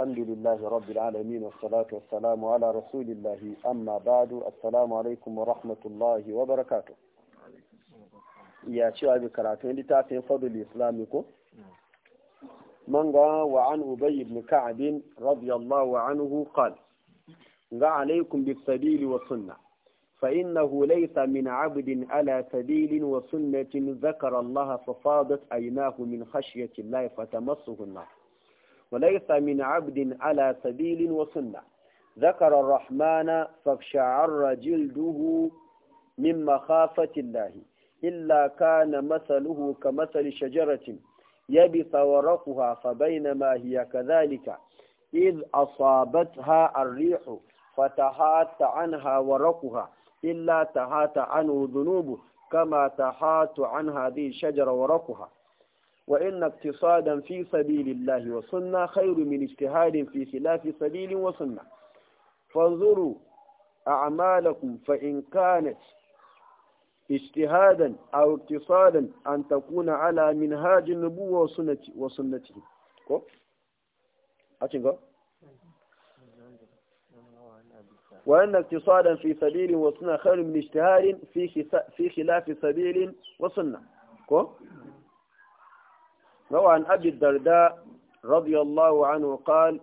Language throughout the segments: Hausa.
الحمد لله رب العالمين والصلاة والسلام على رسول الله أما بعد السلام عليكم ورحمة الله وبركاته يا شعب كراتين لتعطين فضل إسلامكم من وعن أبي بن كعب رضي الله عنه قال عليكم بالسبيل والسنة فإنه ليس من عبد على سبيل وسنة ذكر الله ففاضت أيناه من خشية الله فتمسه النار وليس من عبد على سبيل وسنة ذكر الرحمن فاقشعر جلده من مخافة الله إلا كان مثله كمثل شجرة يبث ورقها فبينما هي كذلك إذ أصابتها الريح فتحات عنها ورقها إلا تحات عنه ذنوبه كما تحات عن هذه الشجرة ورقها wa inna iktisadan fi sabilillahi wa sunna khairu min ijtihadin fi khilafi sabilin wa sunna fanzuru a'malakum fa in kanat اجتهادا أو اقتصادا أن تكون على منهاج النبوة وسنته وسنته كو أتنقى وأن اقتصادا في سبيل وسنة خير من اجتهاد في في خلاف سبيل وسنة كو روى عن أبي الدرداء رضي الله عنه قال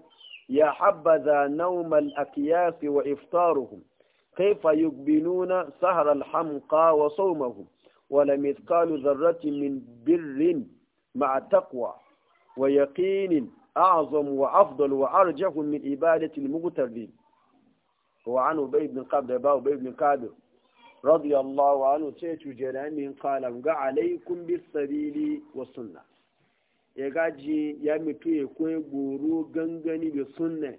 يا حبذا نوم الأكياس وإفطارهم كيف يقبلون سهر الحمقى وصومهم ولم يثقال ذرة من بر مع تقوى ويقين أعظم وأفضل وأرجح من إبادة المغتربين وعن أبي بن كعب دبا أبي بن كعب رضي الله عنه سيت جلال قال عليكم بالسبيل والسنة ya gaji ya mutu ya kwaye goro gangani da sunna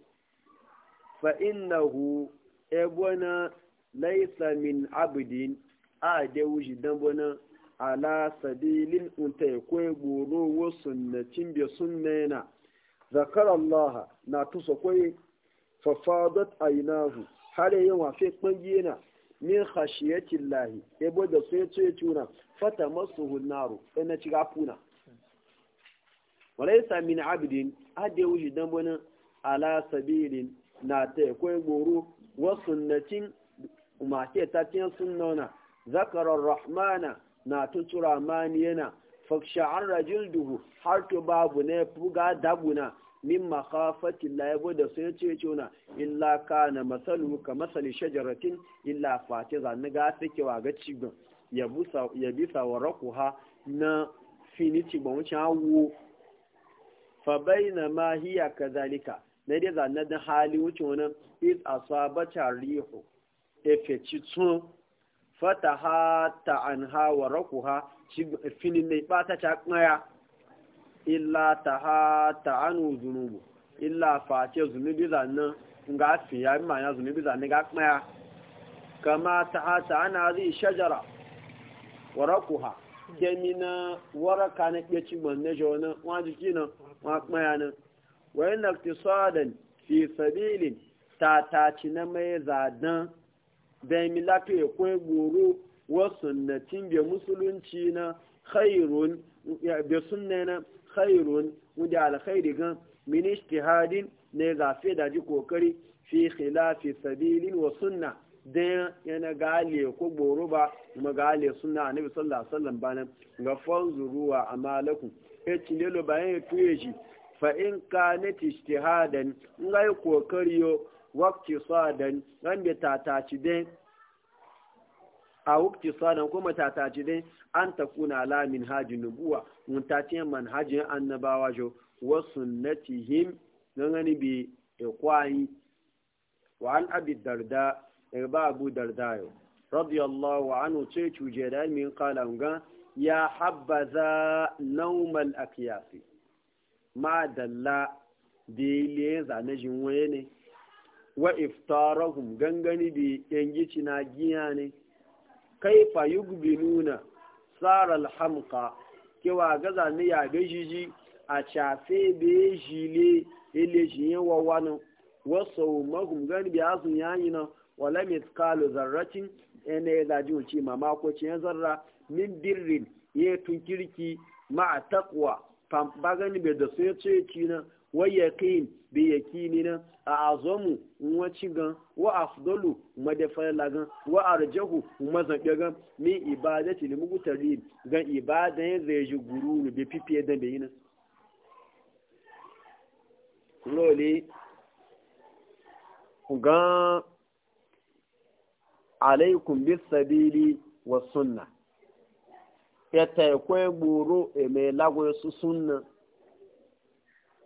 fa hu ebona laisa min abidin a da wuji dan bona ala sabilin unta ya kwaye goro wa sunnacin da sunna yana zakar allaha na tusa kwaye fafadat ainahu har yawa fi kwangiye na min khashiyatillahi ebo da sai ce tuna fata masu hunaru ina e ci gafuna walaisa min abidin ade wuji dan wani ala sabilin na ta goro wasu sunnatin umarce ta zakarar rahmana na tutura maniyana faksha'ar rajil duhu har to babu ne fuga dabuna min makafati laibu da sai ce na illa na masalu ka masali shajaratin illa fati zanni ga wa ga cigon ya bisa wa rakuha na finici ba wucin hawo fa na ma hiya kazalika na dai zanna da hali wuce wannan is tarihu rihu efeci tun fataha ta an ha wa rakuha fini ne bata ta kaya illa ha ta anu zunubu illa face zunubi zanna ga fi ya ma ya zunubi zanna ga kaya kama ha ta ana zai shajara wa rakuha kemina waraka na iya ci manne jona wa jiki na wa kmaya na wa yana tisadan fi sabilin ta ta ci na mai zadan da mi lafiya ko guru wa sunnatin bi musulunci na khairun bi sunna na khairun al alkhairi gan min ijtihadin ne zafe da ji kokari fi khilafi sabilin wa sunna dan yana gale ko goro ba kuma gale suna annabi sallallahu alaihi wasallam bana ga fanzuruwa amalakum e cinelo bayan ya tuye shi fa in kanat ijtihadan ngai kokariyo waqti sadan dan bi tataci dai a sadan kuma tataci dai an takuna la min hajin nubuwa mun tace manhajin annabawa jo wa sunnatihim nan bi ikwai e wa an abi darda ba abu dardayo radiyallahu anhu ce cuje da min kalan ga ya habbaza naumal akiyasi ma dalla da ile zane jin waye ne wa iftarahum gangani da yangici na giya ne kaifa yugbiluna sara alhamqa kewa gaza ne ya gajiji a chafe be jile ile jiye wa wani. wasu mahum gani bi asun yayi nan wala kalo zarratin ene da zaji wuce ma ko cin zarra min birrin ya kirki ma taqwa fam bagani be da sai ce cina wa yaqin bi yaqinina a azomu wa cigan wa afdalu madafa lagan wa arjahu mazabe gan min ibadati lil mugtarin gan ibadan zai ji guru be pipe da be alaikum bis sabili was sunna yata kwe buru eme lago su sunna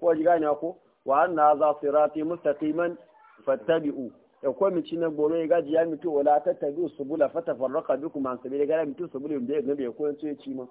ko ji gane ko wa anna za sirati mustaqiman fattabi'u ya kwe mi cinan gburu ya gaji ya mitu wala tattabi'u subula fatafarraqa bikum an sabili gara mitu subula yumbe ga be ko yanzu ya ci ma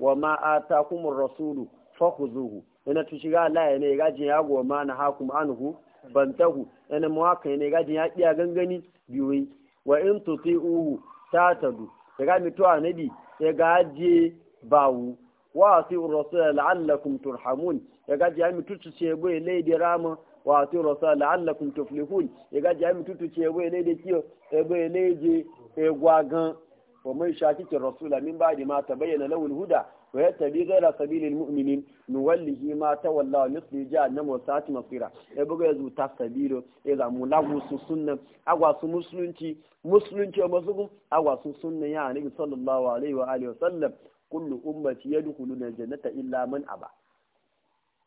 wa ma atakumur rasulu fakhuzuhu ina tu shiga Allah ne ya gaji ya goma na hakum anhu bantahu ina haka ne ya gaji ya kiya gangani biyoyi wa in tuti'uhu tatadu daga mito anabi ya gaje bawu wa asiu rasul la'allakum turhamun ya gaje ya mito ce boye lady rama wa asiu rasul la'allakum tuflihun ya gaje ya mito ce boye lady kiyo e boye lady e gwagan ومن شاكك الرسول من بعد ما تبين له الهدى ويتبي غير سبيل المؤمنين نوله ما تولى ونصلي جهنم وساعة مصيرا يبقى يزو تسبيلو إذا ملاو سنة أغوى مسلنتي مسلنتي ومسلم أغوى سنة يعني صلى الله عليه وآله وسلم كل أمة يدخلون الجنة إلا من أبا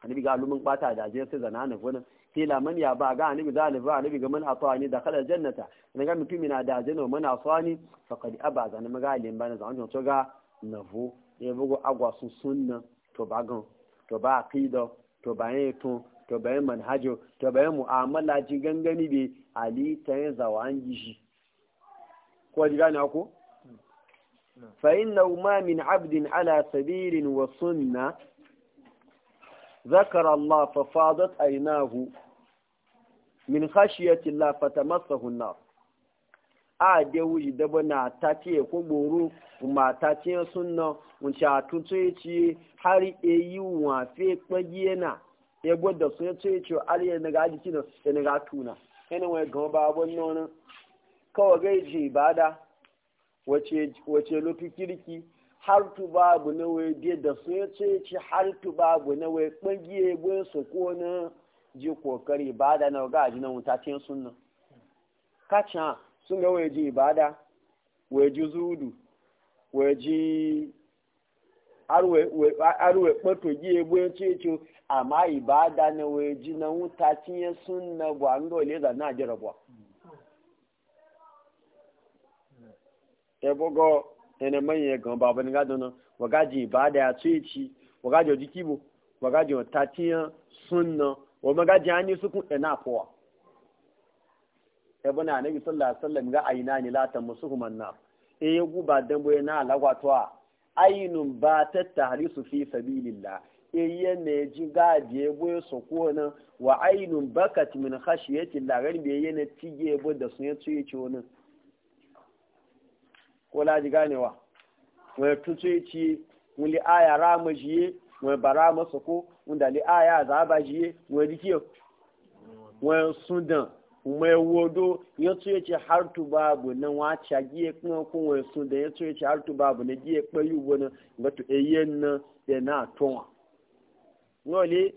hannun ga alumin bata da ajiyar sai zana na wani kila man ya ba ga annabi zalifa annabi ga man atani da kala jannata ne ga mutum ina da janna man asani a aba ga na ga limba na zanjo to ga navo ya bugu agwa sun sunna to ba gan to ba aqida to ba yin to to ba yin manhajo to ba yin mu'amala ji gangani bi ali yin zawan abdin ala sabilin ذكر الله ففاضت أيناه min khashiyati la fatamassahu an-nar a de wuji dabo na ta ce ko gboru ma ta ce sunna un sha tutu yace e, har eyi wa fe pagi e na e godo sun yace yace aliye na gaji kina ne ga tuna ene wa gan ba bon non kawai ga e ji ibada wace wace lofi kirki har tu babu na wai da sun yace yace har tu babu na wai pagi e gwe su ko na ji kokari ibada na ga ji na mutacin sunna kacha sun ga waje ibada waje zudu waje arwe kpato gi egbe checho ama ibada na waje na mutacin sunna gwa ngo leza na jirabwa ebogo ene manye gan baba ni ga dono waga ji ibada ya chechi waga jo dikibo waga jo tatiyan sunna wa maga jani su kun ina kowa ebe na nabi sallallahu ga aina ne latan musuhuman na e ya guba don boye na lagwatwa ainihin ba ta su fi sabilillah e ya ne ji gaje ya bai su kona wa ainun bakat min khashiyati la yi be yana tige bo da sun tsoye ci wani ko la ji ganewa wa tsoye ci wani aya jiye wani barama su ko wanda le aya ah, za ba jiye wani kiyo wani sudan mai wodo ya tsoye ti har tu babu na wacha giye kuma kun wani sudan ya tsoye ti har tu na giye kpayu tu na da na tonwa nole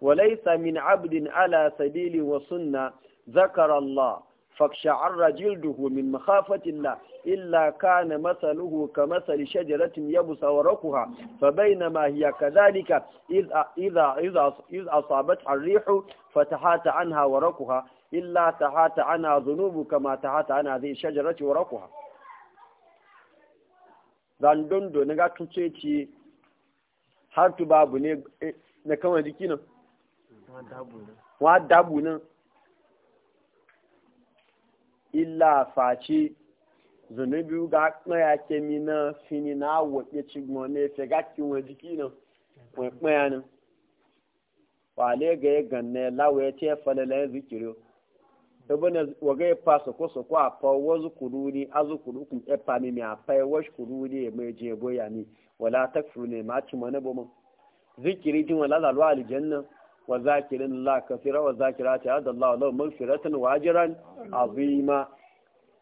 walaisa min abdin ala sabili wa sunna zakara Allah faksha'arra jilduhu min mahafatillah illa kana masaluhu ka masali shajaratin yabusa wa rakuha fa bainama hiya kadhalika idha idha idha asabat ar-rihu fatahata anha wa rakuha illa tahata anha dhunubu kama tahata ana zai shajarati wa rakuha zan dondo na ga tuce ci har tu babu ne na kawai jiki nan wa dabu nan illa face zunubi ga kpaya ke mi na fini na awo ke ci gbọn na efe ga ki wọn jiki na wọn kpaya na wale ga ya e ganna e lawa ya e ce falala ya zikiri ibn waga ya pa soko soko a fa wazu kuruni azu kurukun ya fa mi a fa ya kuru ni ya mai je ya ni wala takfuru ne ma ci mana bomo zikiri din wala lalu na wa zakirin la kafira wa zakirati adallahu lahu maghfiratan wa ajran azima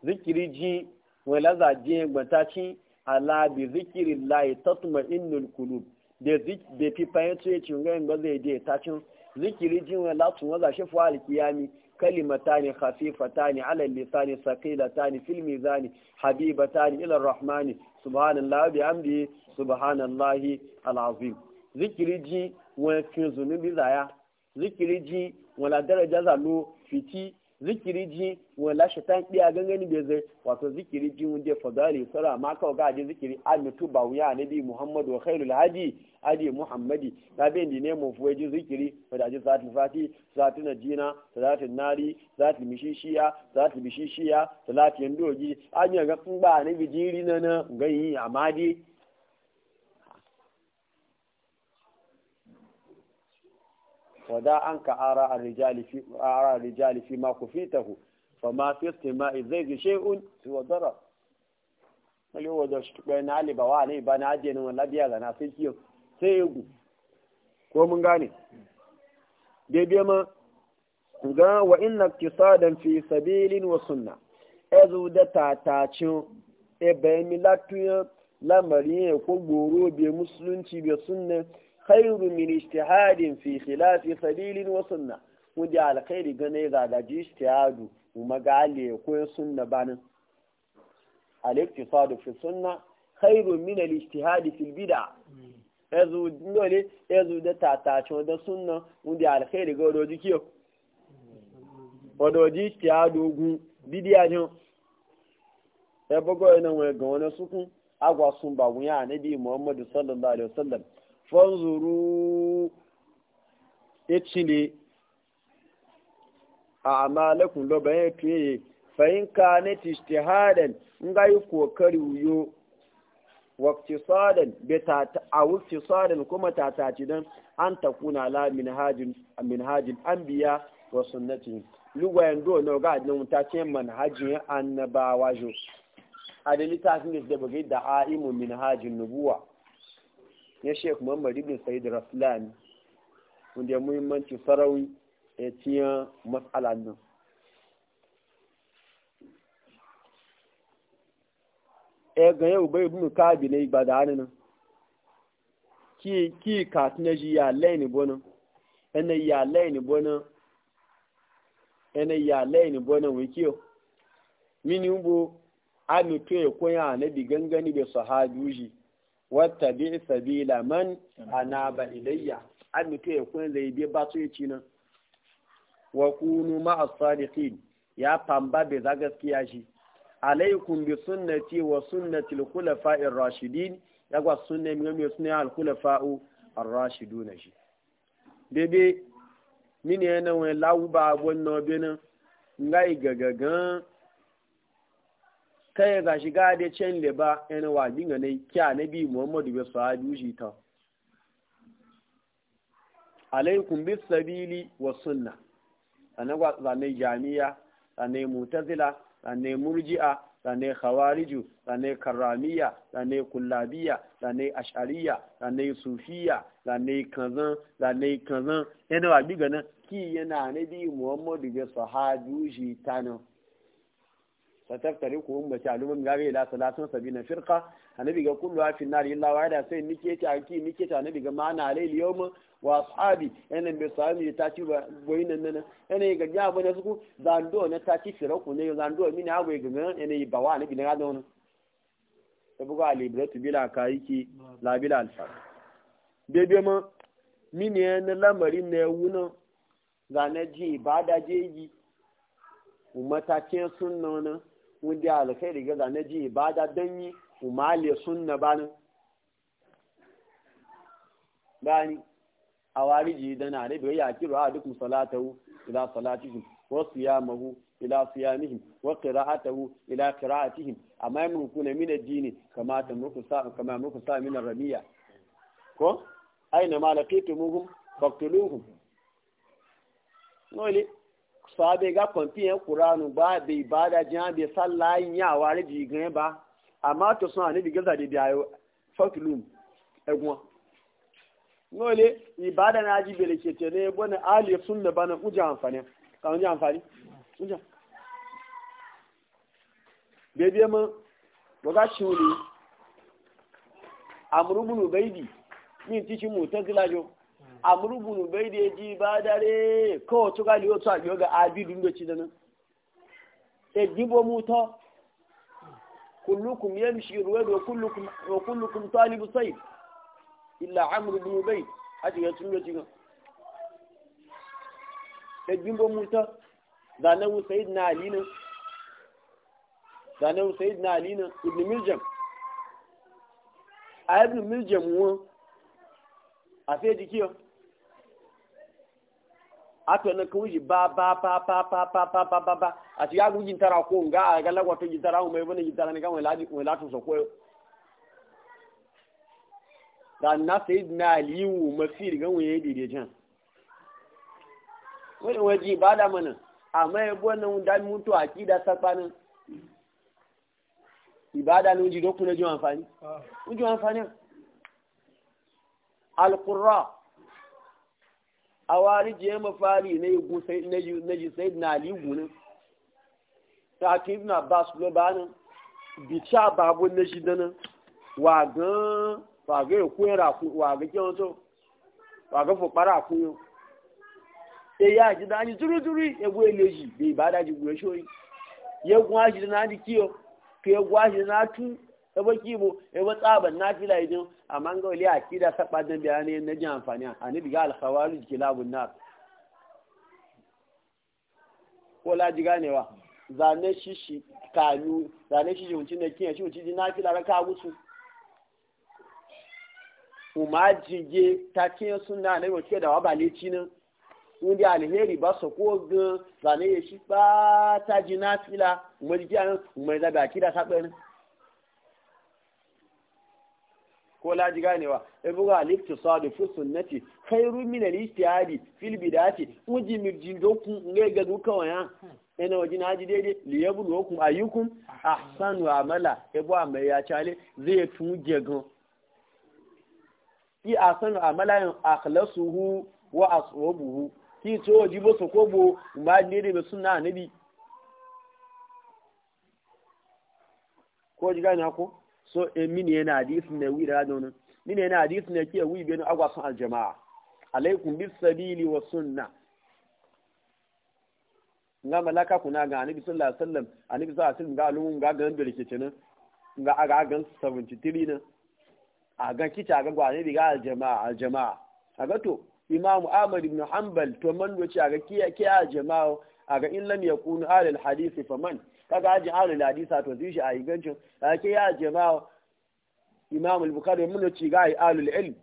zikiri ji wala za je gbata ci ala bi zikirillahi tatma innul qulub da zik da fi fahimta ya ci ga yanga zai je ta cin zikiri jin wala tun wala shi fa alkiyami kalimatani khafifatani ala lisani saqilatani fil mizani habibatani ila arrahmani subhanallahi bi amdi subhanallahi alazim zikiri ji wa fi zunubi zaya zikiri ji wala daraja zalo fiti zikiri ji lashe ta biya gangani bai zai wato zikiri ji jefa zari sara ma kawo ga ji zikiri amitu ba wuya biyu muhammadu khairu hadi adi muhammadi ta bai ni ne mu fuwe zikiri wadda ji zati fati zati na jina zati nari zati mishishiya zati bishishiya zati yandoji an ga kun ba nabi jiri na na a amadi wada an ka ara a rijali fi ma ku fitahu fa ma fi istima'i zai ga shay'un su wa darar wani wajen shi tukwaye na alibawa ne ba na ajiye nan labiya ga na sai kiyo sai egu ko mun gane daidai ma ga wa inna iktisadan fi sabilin wa sunna ezu da tatacin ebe mi latuyan lamarin ya ko goro bai musulunci bai sunna خير من اجتهاد في خلاف sabilin وسنة ودي على alkhairi gane da اجتهاد وما قال لي يكون سنة بان الاقتصاد في السنة خير من الاجتهاد في البدع ezu dole ezu da tatacho da sunna alkhairi ga do dikiyo odo di ijtihadu gun bidiya jo e bogo ina we ga sukun agwa sun ba gunya bi muhammadu sallallahu alaihi wasallam fanzuru ya a amalakun lobe ya tuye fahimka na tishtihadan haɗin, nga yi kokari wuyo waktisadan a waktisadan kuma tataci don an takuna la minhajin an biya wa sunnati lugwayen dole ga adin ta ce manhajin annabawa jo a da littafin da da bugai aimu minhajin nubuwa ya sheik muhammad ibn sa'id raslan wanda ya muhimmanci sarawi ya ciya matsala nan ya e, ga yau bai ibn kabi ne ba da hannun ki ki katina ji ya laini bonan yana e, ya laini bonan yana e, ya laini bonan wikiyo mini bo ami to ya koya na bi gangani da sahabi wata bi sabila man ba ilayya an mutu ya kun zai bi ba su ci nan wa kunu ma sadiqin ya pamba be za gaskiya shi alaikum bi sunnati wa sunnati al khulafa ar-rashidin ya ga sunna mi mi sunna al khulafa ar-rashidun shi bebe ne na wani lawuba abun nobe nan ngai gagagan kai ga shiga da cin da ba yana wajin ga nai kya na bi muhammadu bai shi ta alaikum bis sabili wa sunna sannan ga zane jami'a sannan mutazila sannan murji'a sannan khawariju sannan karramiya sannan kullabiya sannan ashariya sannan sufiya sannan kazan sannan kazan yana bi ga nan ki yana na bi muhammadu bai shi ta nan fataftariku hum bashalum gabe ila salatun sabina firqa annabi ga kullu fi nar illa wahida sai nike ta anki nike ta annabi ga mana alayl yawm wa ashabi enen be sami ta ci boyinan nan ene ga ja bane su zando na ta ci ku ne zando min agwe ga ene ba wa annabi na don ta buga alibratu bila ki la bila alfa be ma min ne na lamarin ne wuna ga na ji ibada jeji ta sunna na mun da alkhairi ga zane ji ibada don yi umale sunna banin gani a ji da na rabe ya kiro a duk salatahu ila salatihim wa siyamahu ila siyamihim wa qira'atuhu ila qira'atihim amma mun kuna min addini kama ta muku sa mina muku sa min rabiya ko aina ma laqitumuhum faqtuluhum noli sabe ga kwamfiyan ƙuranu ba bai ba da jiya bai sallayin yawa da jigan ba amma to sun hannu da gaza da biyayo fatulun egun nole ibada na ji bele ke tele bane ali sun da bana uja amfani kan uja amfani uja bebe mun boga shuli amrubun ubaidi min tishi mutazila jo amurubunu bai da ya ji ba dare kawai tuka liyo tuka liyo ga abidun da ci nan e dibo muta kullukum yamshi ruwa da kullukum wa kullukum talibu sayf illa amr ibn ubay hadi ya tunga tinga e dibo muta da nan na ali ne da nan ali ibn miljam a ibn miljam wo a sai dikiyo ato na kuji ba ba ba ba ba ba ba ba ba ba a ti yagu jintara ko nga a ga lagwato jintara mu mai bane jintara ne kan wani latin so koyo da na sayid na aliyu mafi rigan wani daidai jan wani waje ba da mana amma ya buwan nan da mutu a kida sakpanin ibada ne oji dokun na ji amfani oji ah. amfani alkurra a wari je mafari na yi sai na ligunin ta ake ibn abbas globanin bica babu na shi dana wagan waga ya kuwa raku waga kyau to waga fukpara kuyo e ya ji da anyi turu turu ya e gwe leji bai ba da ji gwe shoyi ya gwa shi da na di kiyo ka ya gwa shi da na tu ebe kibo ebe tsaban na fila idin amma ga wali akida saba da bayanai na jin amfani a ni diga alkhawari jiki labun na ko laji ganewa zane shi shi kanu zane shi shi na kiyan shi mutum na fila raka gusu kuma jige ta kiyan suna na yau da wabale cinin wunde alheri ba su ko gan zane ya shi ba ta ji na fila kuma umarji a nan umarji da ba akida saba ne ko laji ganewa ya buga alikta sadu fi sunnati khairu min al-ijtihadi fil bidati uji mirjin doku ne ga duka waya ina waji naji daidai li yabluwakum ayyukum ahsanu amala ya bu amma ya chale zai tuje gan ki ahsanu amala yan akhlasuhu wa aswabuhu ki to waji bo sokobo ma ne da sunna nabi ko ji gane ko so e mini yana hadisi ne wi da don mini yana hadisi ne ke wi bin agwa sun aljamaa alaikum bis sabili wa sunna nga malaka kuna ga annabi sallallahu alaihi wasallam annabi sallallahu alaihi wasallam ga lumun ga ga da ke ga aga ga 73 nan aga kica ga gwa ne ga aljamaa aljamaa aga to imamu ahmad ibn hanbal to man wuce aga kiya kiya aljamaa aga in lam yakunu alal hadisi faman kaga ajin ahlul hadisa to zai shi a ingancin ake ya jama'a imam al-bukhari mun ci ga ahlul ilm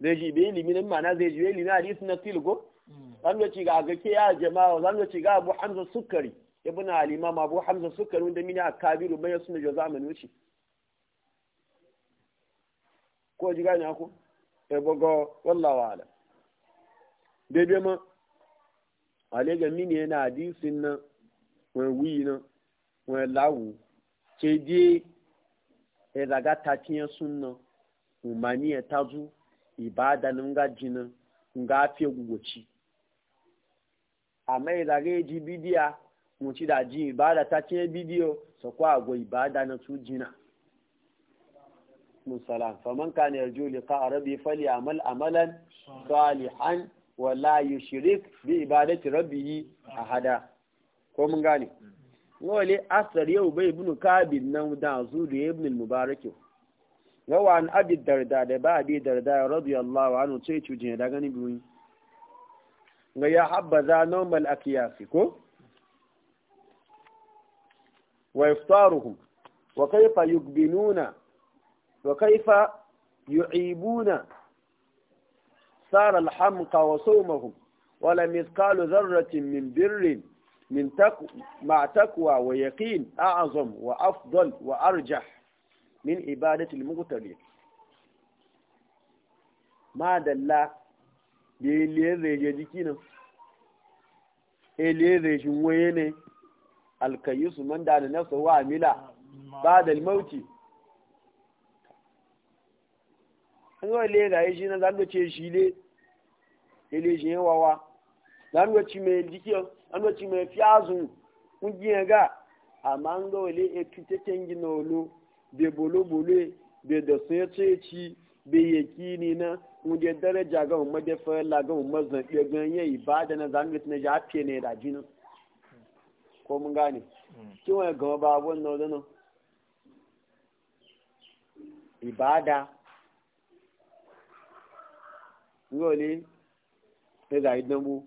zai ji bi ilimi nan ma'ana zai ji ilimi hadisi na tilgo hmm. zan ga ci ga ga ke ya jama'a zan ga ci ga abu hamza sukkari ibn al-imam abu hamza sukkari wanda mini a akabiru bai sunna jo zamani wuce ko ji gani ku? e eh, bogo wallahu ala bebe ma ale mini yana hadisin nan wani wuyi nan wọn lawo ce die ezaga tatiyan sunna umaniya tazu ibada nan ga jinin nga afi gugoci amma ezaga eji bidiya mun ci da ji ibada tatiyan bidiyo so ko ago ibada na su jina musalam faman kana yarju liqa rabbi falyamal amalan salihan wala yushrik bi ibadati rabbihi ahada ko wale asar yau bai bin kabin nan da zuru ibn al-mubarak yawa an abi darda da ba abi darda radiyallahu anhu sai cuje da gani biyu ga ya habbaza normal akiyasi ko wa iftaruhum wa kaifa yukbinuna wa kaifa yu'ibuna sara alhamqa wa sawmahum wala mithqalu dharratin min birrin min ma taqwa wa yaqin a'azam wa afdal wa arjah min ibadati al-muqtadi ma dalla bi lere je jikinan e lere shin waye ne alkayisu man da nafsa wa amila ba da mauti an ga lere shi na zan ce shi le ele shi wawa lanwaci mai jikiyo lanwaci mai fiyazun kungiyar ga amma an e tuteten gina olo be bolo bolo da da sun ya ce ci be yaki ni na kungiyar daraja ga umar da fayar laga umar zanɓe ganye ibada na zanwaci na ja fiye ne da jinin ko mun gane hmm. ki ya gama ba abuwan na wadannan ibada ngole ta zai dambu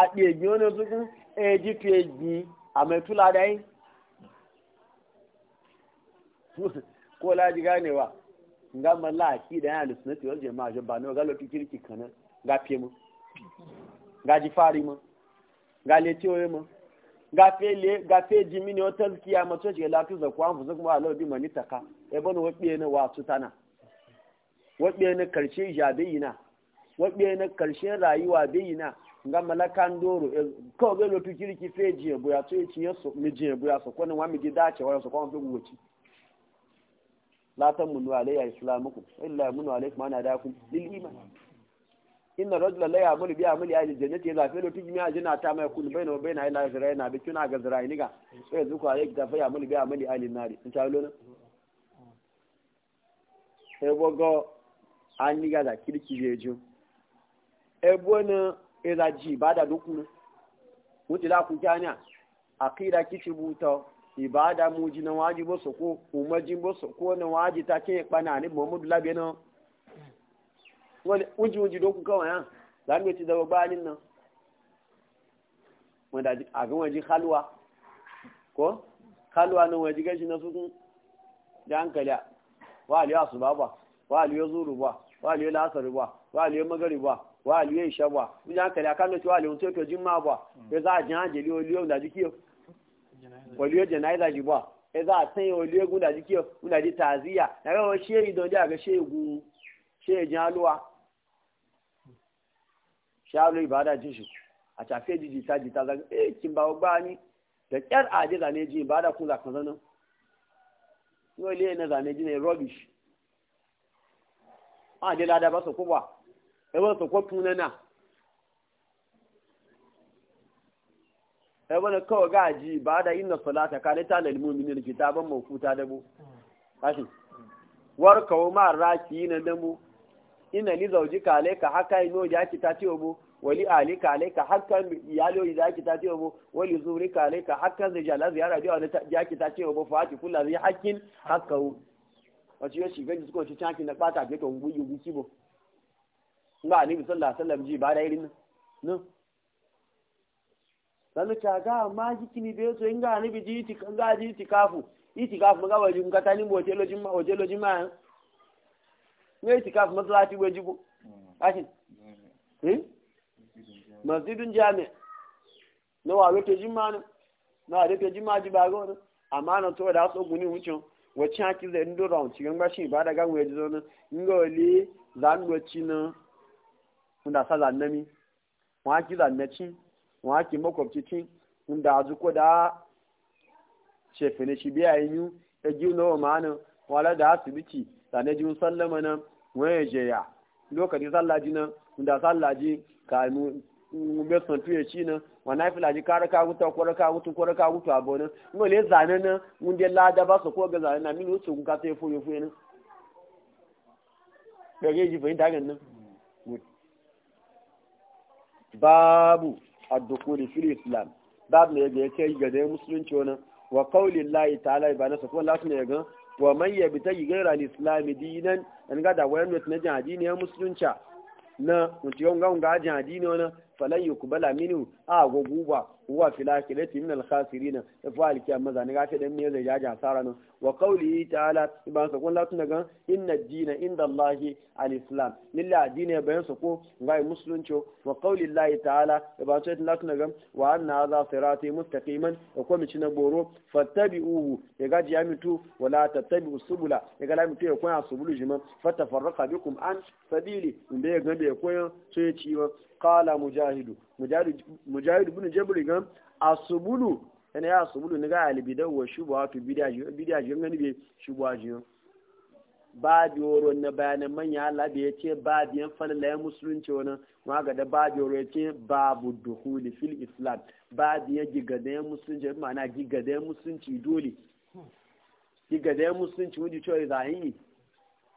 àti a ó ní tuntun èjì fi tula da yi? ko laji ganewa nga malla a da yana sunnati wal jama'a jabba no galo kirki kana ga fiye mu ga ji fari mu ga le tiyo mu ga fe le ga fe jimi ne wata kiya ma to je latu za kwa fuzu kuma alaudi mani taka e bano wabiye na wasu tana wabiye na karshe jabe yana wabiye na karshe rayuwa yi na. nga malaka ndoro e, ko ga lotu kiriki feji ebo ya to echi yeso meji ebo ya so ko ne wa mi gida che wa so ko fe wuci la ta munu alayya islamukum illa e munu alaykum ana daakum lil iman inna rajula la ya'malu bi amali ahli jannati idha fa lotu na ajna ta ma kun bayna wa na kuna na eza ji ibada dukuna wuce la ku kyanya akida kici buta ibada muji na waji bo soko umaji bo ko na waji ta ke pana ni muhammadu labe na wani uji uji doku kawai ha zan ci da banin nan wanda a ga waje halwa ko halwa nan waje gashi na su da hankali wa aliyu asuba ba wa aliyu zuru ba wa aliyu lasar ba wa aliyu magari ba wa aliyu isha bwa mujan kare akan lo ti wa lehun to to juma bwa e za jan je li oli o da dikio oli o je na ida ji bwa e za tin oli egun da dikio un da di tazia na ro se idon ja ke se egun se jan aluwa shalu ibada jishi a tafe jiji ta jita zaga e eh, kin ba gba ni da kyar aje zane ji ibada kun zakan zanan yau ile na zane ji ne rubbish a je lada ba su kubwa ẹwọ́n sọ̀kọ́ tún nẹ́nà ẹwọ́n kọ́ gáàjì ba da iná sọ̀láta ká lẹ́tà lẹ́lì mú mi ní rikita ban mọ̀ fúta dabo ashi war kawo ma raki na dabo ina ni zauji kale ka haka ino ya ki ta ce obo wali ali kale ka haka iyalo ya ki ta ce obo wali zuri kale ka haka zijala ziyara biya wani ya ki ta ce obo fa ki kula zai hakkin haka wace yau shiga ji suka wace cakin na ɓata ke to guyi guki bo. nga anibi sallallahu alaihi wasallam ji ba da irin nan lalu ta ga ma jikini be so nga anibi ji ti nga ji ti kafu iti kafu ga waji eh? nga tani mo telo jima o telo jima ne iti kafu maslati waji ko mm. ashin mm. eh masjidun jami no wa lote jima na na lote jima ji ba go amma na to da so guni wucin wacce hakki zai ndo round cikin bashi ba da ganwe ji zo zan ngoli chi nan wanda sa zannami wa ki zannaci wa ki makwabcici wanda azuko da fene shi biya yin e ji nawa ma'anin wala da asibiti sane ji sallama nan waye jeya lokacin sallaji nan da sallaji ka tuye shi e nan wana fila ji kare ka gutu ko ka gutu ko ka gutu abo nan ngo le zane nan mun lada ba so ko ga zane nan min wuce ku ka te fuyo fuyo nan ga ji fahimta nan babu addukuli fil islam babu ne ga yake ga da musulunci wannan wa qawli llahi ta'ala ba sa kuma lasu ne ga wa man yabtaji ghayra al-islam dinan an ga da wayan ne na jadi ne musulunci na mutiyon ga ga jadi ne falan bala mini a go guba huwa fil akhirati min al khasirin fa al a maza ne gafe dan me zai jaji hasara nan wa qawli ta'ala iban sa kun la na daga inna dina inda allah alislam islam lilla ya bayan sa ko ngai musulunci wa qawli allah ta'ala iban sa la tun daga wa anna hadha sirati mustaqiman da mi na boro fattabi'uhu ya gaji ya mitu la tattabi'u subula ya gala mitu ya koya subulu jima fatafarraqa bikum an sabili inda ya gani ya koya sai ya ciwa qala mujahidu mujahidu mujahidu ibn jabr asubulu yana ya asubulu ni ga albidan wa shubhatu bidaji bidaji ngani be shubhaji ba biyoro na bayanan manya Allah da ya ce ba biyan falalayen musulunci wani maga da ba biyoro ya ce babu duhuli fil islam ba biyan gigadayen musulunci ma'ana gigadayen musulunci dole gigadayen musulunci wani cewa zahiri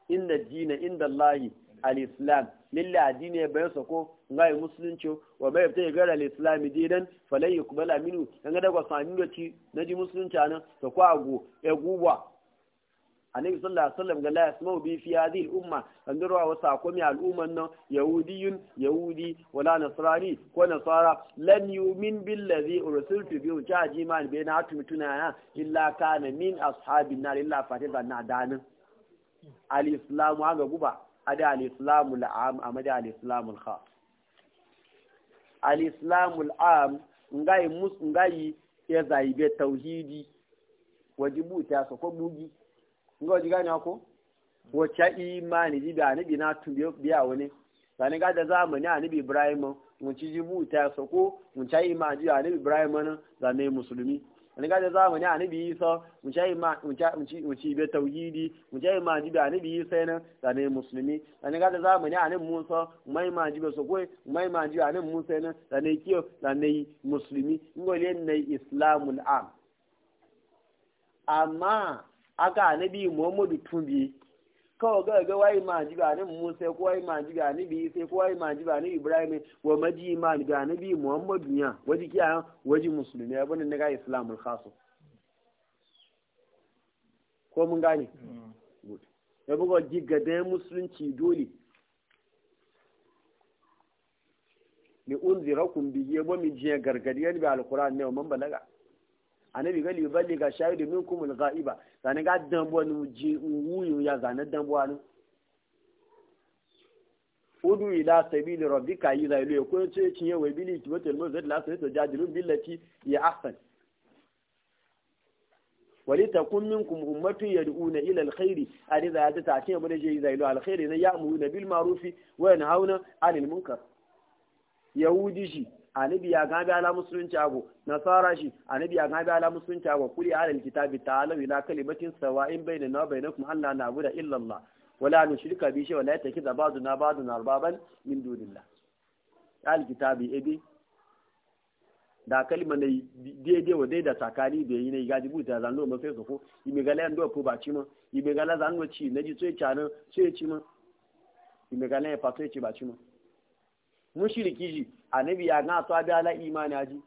inna dina inda Allahi al-islam lillahi addini ya bayan sako ngai musulunci wa bai ta gara al-islam dinan falai yuqbala minhu dan ga daga sami doci na ji musulunci nan to ko ago ya guba e annabi sallallahu alaihi wasallam ga la yasmau bi fi hadhihi al-umma kan durwa wa sako mi al-umman nan yahudiyun yahudi wala nasrani ko nasara lan yu'min bil ladhi ursiltu bi ta jiman bai na tumtuna ya illa kana min ashabin nar illa fatiha na danin al-islamu ga guba ada al-islamu la'am amada al-islamu al al-islamul am ngai mus ngai ya zaibe tauhidi wajibu ta so ko bugi ngo diga ni ako wacce imani ji da anabi na tumbe biya wani sani ga da zamani anabi ibrahim mun ci jibu ta so ko mun ci imani ji anabi ibrahim nan zane musulmi ani ga da zamani anabi isa mu ci ma mu ci mu ci be mu ma ji be anabi isa ne da ne musulmi ani ga ni mai ma ji be so koi mai ma ji anabi musa ne da ne kiyo da ne musulmi ngole ne islamul am amma aka muhammadu tumbi kawai ga ga wai ma ji gani Musa ko wai ma ji gani bi sai ko wai ma ji gani Ibrahim wa maji ma ji gani bi muhammad ya waji kiya waji musulmi ya bani daga Islamul khaso ko mun gane mm. ya bugo jiga da musulunci dole ni unzirakum bi yabo mi je gargadiyar bi alquran ne mun balaga anabi gali balli ga shahidu minkum al-ghaiba zane ga dambuwa nu ji wuyu ya zane dambo anu udu ila sabili rabbika yi zai lo ko ce cinye wai bili ki wata mu zai lasa to jajilu billati ya ahsan wali takun minkum ummatu yad'una ila alkhairi ari da ta tace mu da je zai zailu alkhairi na ya amuru bil ma'rufi wa yanhauna 'anil munkar yahudi shi annabi ya gabi ala musulunci ago nasara shi annabi ya gabi ala musulunci ago kuli ala alkitabi ta'ala ila kalimatin sawa'in bainana wa bainakum alla na'budu illa Allah wala nushrika bi shay'in wala yattakhidha ba'duna ba'duna arbaban min dunillah alkitabi ebi da kalima ne daidai wa daida tsakani bai yi ne ga jibu ta zanno ma sai sofo imegala yando ko ba ci ma imegala zanno ci naji sai cana anan sai ci ma imegala ya fa sai ci ba ci ma mushiriki ji annabi ya na so abi ala imani aji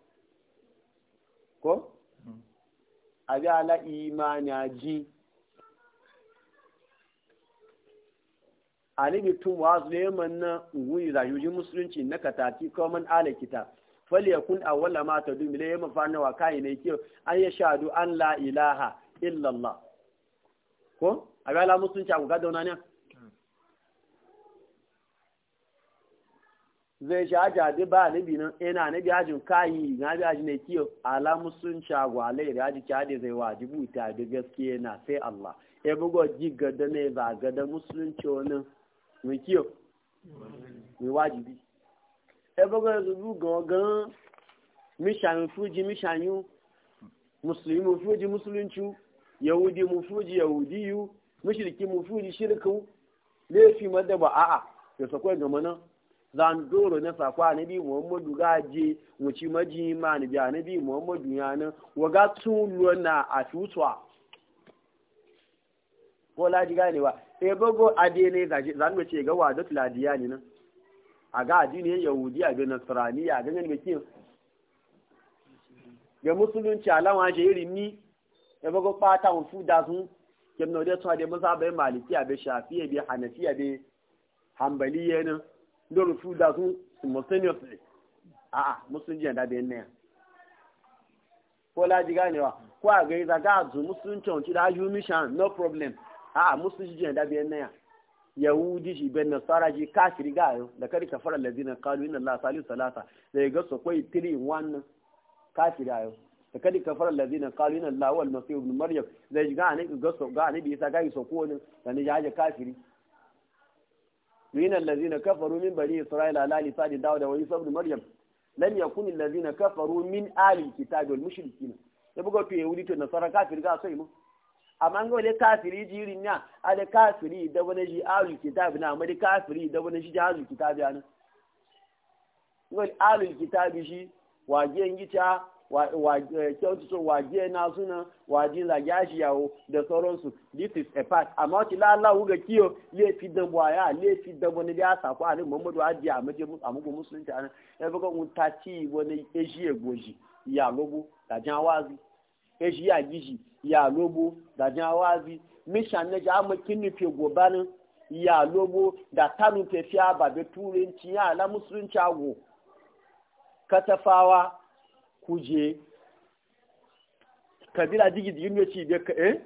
ko abi ala imani aji annabi tun wa zuleman na wuri rayuji musulunci na katati kaman ala kitab falyakun awwala ma tadum ila yamma fa nawa kai ne ke an ya shahadu an la ilaha illallah ko abi ala musulunci ku ga dauna ne zai shi aji adi ba alibi nan ina na biyajin kayi na biyajin ne kiyo alamu sun shagwa lai da aji ki zai wajibu ta da gaskiya na sai Allah ya e bugo ji gada ne ba gada musulunci wani mai kiyo mai wajibi ya e bugo ya zubu gangan mishan fuji mishanyu musulmi mu fuji musulunci yahudi mu fuji mu fuji zandoro na sakwa bi muhammadu gaje wuci maji ma na bi muhammadu yana waga tulu na a tutuwa ko laji wa e gogo ade ne gaje zan ce ga wadat ladiya ne nan a ga ya yahudi a ga nasraniya ga ganin kin ga musulunci alawa je irin ni e gogo pata un fu da sun kemno de to ade musa bai maliki abe shafi'i be a be ya nan lórí fún da fún simultaneously a'a musulunci yana dabe ne ko laji a gari za ga zu musulunci tí da yú mishan no problem a'a musulunci yana dabe ne yahudi shi ben nasara kafiri gayo da kari kafara lazina kalu inna da ya kafiri da kadi ga isa da kafiri من الذين كفروا من بني إسرائيل على لسان داود وعيسى ابن مريم لم يكن الذين كفروا من آل الكتاب والمشركين يبقى في يهودي النصارى كافر قال سيما amma an gawa kafiri jirin ya a da kafiri da wani shi alul kitabi na amma da kafiri da wani shi jihazul kitabi ya nan kitabi shi wajen gita Eh, kyaututun waje na suna waje zage shi yawo da sauransu this is a part amma wace lalawu ga kiyo laifi da waya laifi da wani ya safu a muhammadu hajji a maje a mugu musulunci anan ya e fi kan ta ci wani eshi e ya goji ya lobo da jan wazi eshi ya gishi ya lobo da jan wazi mishan na ja makin nufe gobanin ya lobo da tanu tafiya ba da turanci ya ala musulunci ago katafawa kuje kabila digi digi ne ci be ka eh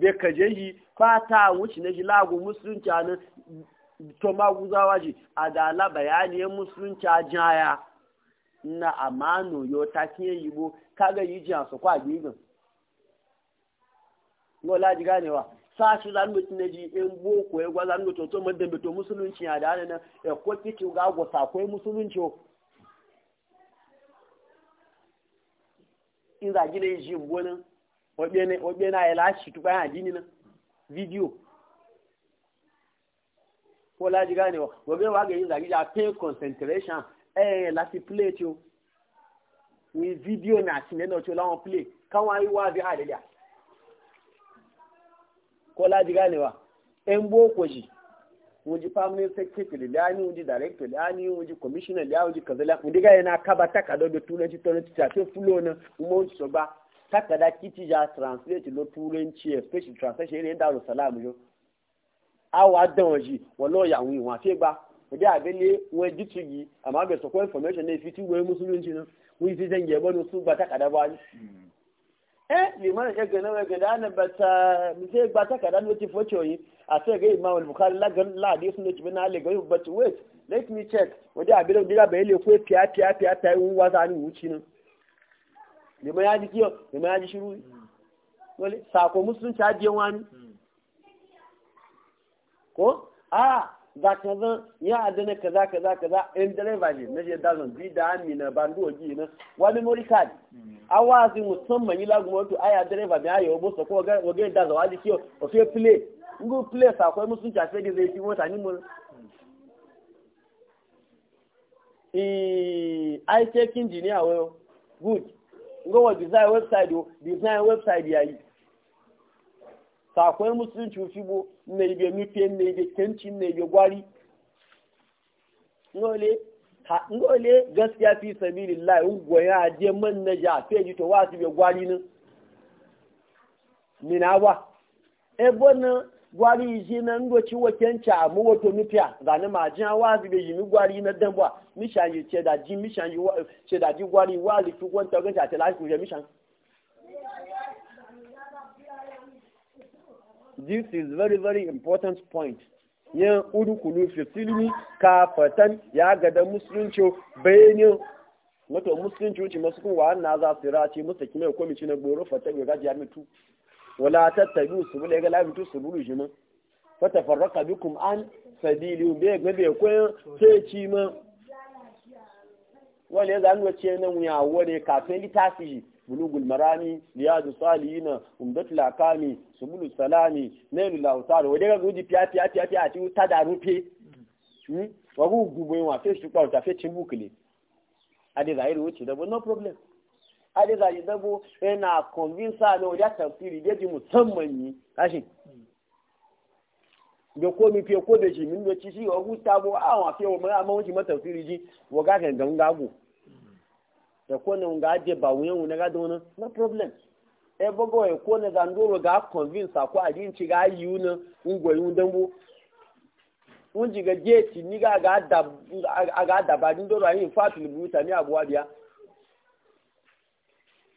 be ka jeji fata wuce ne lagu musulunci anan to ma guzawa ji adala bayani musulunci ajaya na amanu yo ta kiye yibo kaga yi ji su kwa gigin ngo ji ganewa sa shi zan mutu ne ji in boko ya gwa zan mutu to mun dambe to musulunci ya da nan e ko kici ga go sa musulunci in za gina yi shi gonin wabe na ya lashe tu bayan adini nan video ko laji gane wa wabe wa ga yin zagi ja pay concentration eh lati play to ni video na sine na to lawon play kan wa yi wa bi hadelia ko laji gane wa en bo ko ji. wuji family secretary lani wuji director ni wuji commissioner lani wuji kazala wuji ga yana kaba takada da turanci turanci ta ce fulo na kuma wuji so ba takada kiti ja translate lo turanci especially translation ne da salam yo awa dan waji wala ya wun wa fe gba wuji abele won jitugi amma be so ko information ne fiti wo musulunci na wuji fi zan yebo no su gba takada ba mm-hmm. eh liman ya gana wa gana na bata uh, mi se gba takada lo ti focho yi a sai ga imam al-bukhari la gan la hadis ne jibina le ga but wait let me check wadi abira dira bai le ko piya piya piya ta yi wa za ni wuci nan ne ma yaji kiyo ne ma yaji shiru wale sako musulunci ajiye wani ko a za kaza zan ya adana kaza kaza kaza in direba ne na je dazon bi da ami na bandu oji na wani morikad card awazi musamman yi lagun wato aya direba mai ayo bo so ko ga ga dazon waji kiyo o fe play ngu place akwai musulunci a fede zai fi mota ni mun ai eh, tech engineer wayo good ngo wa design website yo design website yayi sakwai musulunci fi bo ne ibe mipe ne ibe kenci ne ibe gwari ngole ha ngole gaskiya fi sabilillah ugwa ya je man na ja feji to wa ti be gwari ni mina wa ebo na gwari ji na ci waken ca mu wato nufiya ga ni majiya wa zube yi mi gwari na dan bwa mishan yi ce da ji mishan yi ce da ji gwari wa fi gwanta ga ta lafi kuje mishan this is very very important point yin udu kunu fitilmi fatan ya gada musulunci bayanin wato musulunci wuce masu kuma wa'an na za su race musu kime ko na goro fatan ya gaji ya mutu ولا تتبعوا سبل bula ga labitu su bulu shi ma fata farraka bikum an sabili be ga be ko ce ci ma wale zan kafin litafi bulugul marami riyadu salihina umdatul akami subulus salami nailu lautar wade ga guji fiya fiya fiya fiya ti ta da rufe wagu gubo yin wa fe shi kwa ta fe cin bukule wuce da no problem ade zaji dabo yana e convince na wajen tafsiri da ji musamman yi kashi da ko mi fiye ko shi min doci shi wa gusta bo a wa fiye wa mai ji ga gago ko na ga je ba wuyan wuna ga no problem e bogo e ko na zandoro ga convince ko adin ci ga na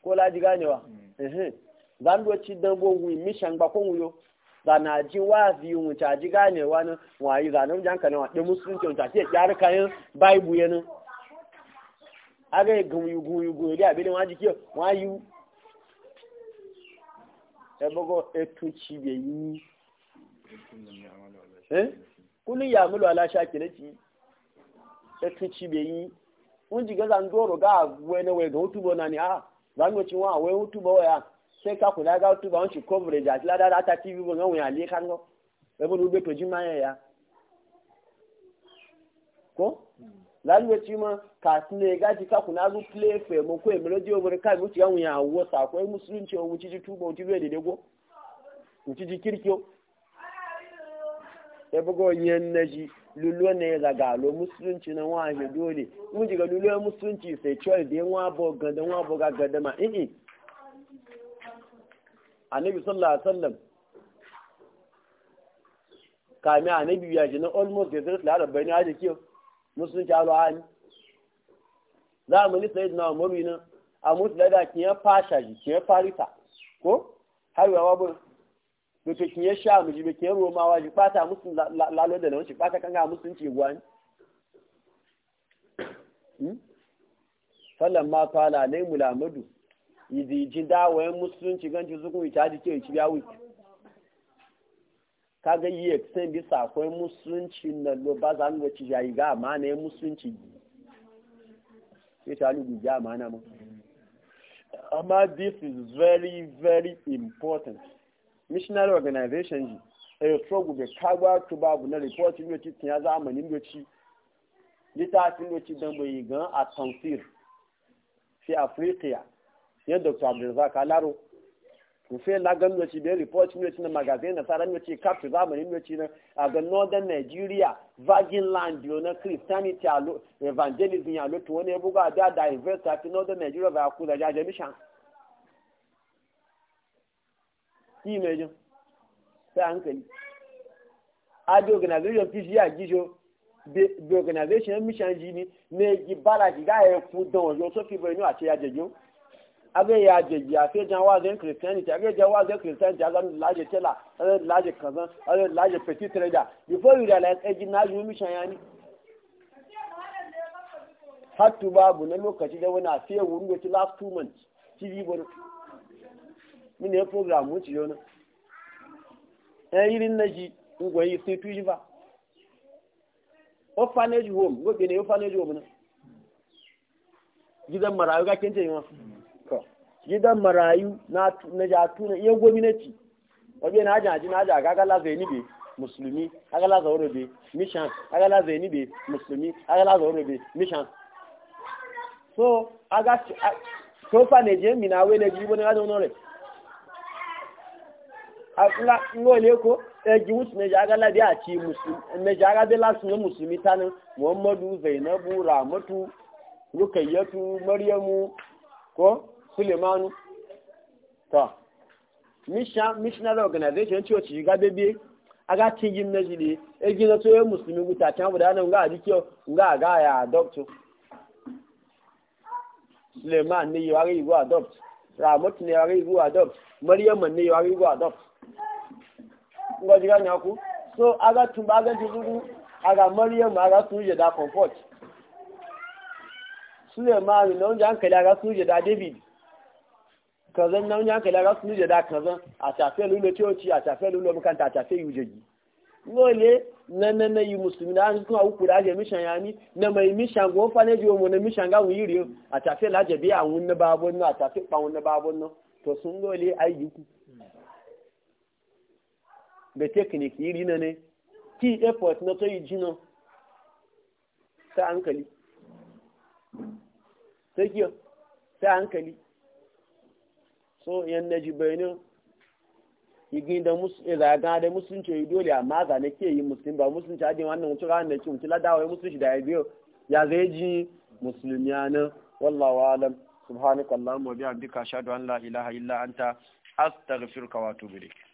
ko laji ganewa zan doci dan bo wi mi shangba ko wuyo zana ji wa bi mu ta ji ganewa ne wayi zana mu janka ne musu de musulunci ta ce yar kayan bible yana aga gum yu gum yu gum ya bi ne wa ji ke wa yu e bogo e be yi eh kullu ya mulu ala shakilati e tuci be yi mun ji ndoro ga wene we ga hutubo na ni a zango wa wai hutu ba waya sai ka kula ga hutu ba wancin coverage a tilada da ta tv ba ngan wuya le kan go sai mun ube to jima ya ko zango ma ka ne ga ji ka kuna go play fe mo ko emre di obere ka mu ci ga wuya wo sa ko musulunci o mu ci ji tuba o ti be de de go mu ci ji kirkiyo e lulluwa ne ya galo musulunci na wa shi dole mun ji ga lulluwa musulunci sai cewa da yan wabo gada wabo ga gada ma in annabi sallallahu alaihi wasallam kame annabi ya shi na almost da zai lara bayani a kiyo musulunci a ani za mu ni sayyidina umaru ina a musulada da kiyan fasha ji kiyan farita ko har yawa bu wato shi ya sha mu jibe ke romawa shi bata musu lalo da launci bata kanga musu ce gwani sallan ma fala ne mulamadu idi ji da musu musulunci ganci zukun ita ji ke ci ka ga yi extend bi sa ko musu musulunci na lo ba za mu ci jayi ga ma ne musu musulunci ke ta bi ga ma na mu amma this is very very important missionary organization ji ɗaya trogu bai kagwa tubabu na report yau titin ya zamanin yau ci littafin yau ci don bai gan a tamfir fi afirka yan dr abdulrazak alaro rufe lagan yau ci bai report yau ci na magazin na tsaron yau ci kafin zamanin yau na a ga northern nigeria virgin land yau na christianity evangelism ya lotu wani ya buga da da investor fi northern nigeria bai akuza jajen mission ki mai jin sai hankali a the organization fi shi a gijo the organization mission ji ni ne gi bara gi ga e ku don ojo so fi bo inu ati ajejo abe ya ajeji afi jan wa zen christianity abe jan wa christianity laje tela laje kazan laje petit trader before you realize e na ya ni hatu babu na lokaci da wani afiye wuri wata last two months tv bono mini program wuce yau na. ɗan yirin na ji ngwayi sai tuji ba orphanage home gobe ne orphanage home nan gidan marayu ga kenta yi ma gidan marayu na jatu na iya gwamnati wabe na aji aji na ji na aji aga agala zai nibe musulmi agala zai be mission agala zai be musulmi agala zai be mission so aga so fa ne je mi na we ne ji bo ne ga don re akula ngo le ko e jiwus ne jaga la biya ci muslim ne jaga de la sunu muhammadu zainabu ramatu rukayyatu maryamu ko sulemanu to mission missionary organization ci o ga aga ti yin e na jide e gina to e da nga ya suleman ne adopt ngoji gani ku so aga tumba aga jizuru aga maryam aga suje da comfort sulemani na onje hankali aga suje da david kazan na onye hankali aga suje da kazan a tafe lulo coci a tafe lulo makanta a tafe yujeji ngole na na na yi musulmi na an kuma uku da aje mishan ya ni na mai mishan go fa ne ji mu na mishan ga wiri a tafe laje biya wun na babon na a tafe pa wun na babon no to sun ngole ayyuku da teknik yiri na ne ki effort na to yi jina ta hankali sai ta hankali so yan na ji bayanin igin da zaga da musulunci yi dole amma za na ke yi musulun ba musulunci ajin wannan mutu ranar da ke mutu ladawa ya musulunci da ya biyo ya zai ji musulmi na wallawa alam subhanakallahumma bihamdika shaɗu an la'ila ha'ila illa ta astaghfiruka wato bire